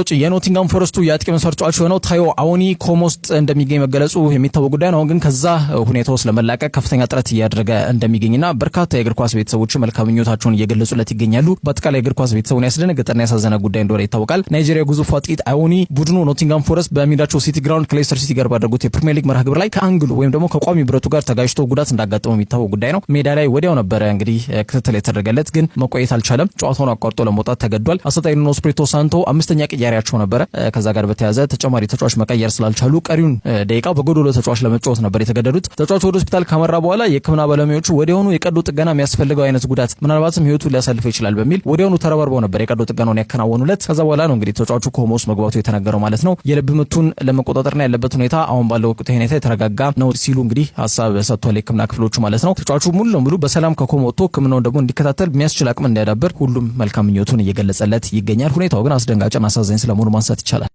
ውጭ የኖቲንጋም ፎረስቱ የአጥቂ መስመር ተጫዋች የሆነው ታዮ አዎኒ ኮሞ ውስጥ እንደሚገኝ መገለጹ የሚታወቅ ጉዳይ ነው። ግን ከዛ ሁኔታ ውስጥ ለመላቀቅ ከፍተኛ ጥረት እያደረገ እንደሚገኝና በርካታ የእግር ኳስ ቤተሰቦች መልካም ምኞታቸውን እየገለጹለት ይገኛሉ። በአጠቃላይ የእግር ኳስ ቤተሰቡን ያስደነገጠና ያሳዘነ ጉዳይ እንደሆነ ይታወቃል። ናይጄሪያ ግዙፍ አጥቂ አዎኒ ቡድኑ ኖቲንጋም ፎረስት በሜዳቸው ሲቲ ግራውንድ ከሌስተር ሲቲ ጋር ባደረጉት የፕሪሚየር ሊግ መርሃ ግብር ላይ ከአንግሉ ወይም ደግሞ ከቋሚ ብረቱ ጋር ተጋጅቶ ጉዳት እንዳጋጠመው የሚታወቅ ጉዳይ ነው። ሜዳ ላይ ወዲያው ነበረ እንግዲህ ክትትል የተደረገለት፣ ግን መቆየት አልቻለም። ጨዋታውን አቋርጦ ለመውጣት ተገዷል። አሰልጣኝ ኑኖ ስፕሪቶ ሳንቶ አምስተኛ ቀያሪያቸው ነበረ። ከዛ ጋር በተያዘ ተጨማሪ ተጫዋች መቀየር ስላልቻሉ ቀሪውን ደቂቃ በጎዶሎ ተጫዋች ለመጫወት ነበር የተገደዱት። ተጫዋቹ ወደ ሆስፒታል ከመራ በኋላ የሕክምና ባለሙያዎቹ ወዲያውኑ የቀዶ ጥገና የሚያስፈልገው አይነት ጉዳት ምናልባትም ህይወቱ ሊያሳልፈው ይችላል በሚል ወዲያውኑ ተረባርበው ነበር የቀዶ ጥገናውን ያከናወኑለት። ከዛ በኋላ ነው እንግዲህ ተጫዋቹ ኮማ ውስጥ መግባቱ የተነገረው ማለት ነው። የልብ ምቱን ለመቆጣጠርና ያለበት ሁኔታ አሁን ባለው ሁኔታ የተረጋጋ ነው ሲሉ እንግዲህ ሀሳብ ሰጥቷል የሕክምና ክፍሎቹ ማለት ነው። ተጫዋቹ ሙሉ ለሙሉ በሰላም ከኮማ ወጥቶ ሕክምናውን ደግሞ እንዲከታተል የሚያስችል አቅም እንዲያዳብር ሁሉም መልካም ምኞቱን እየገለጸለት ይገኛል። ሁኔታው ግን አስደንጋጭ አሳዛኝ አሳዛኝ ስለመሆኑ ማንሳት ይቻላል።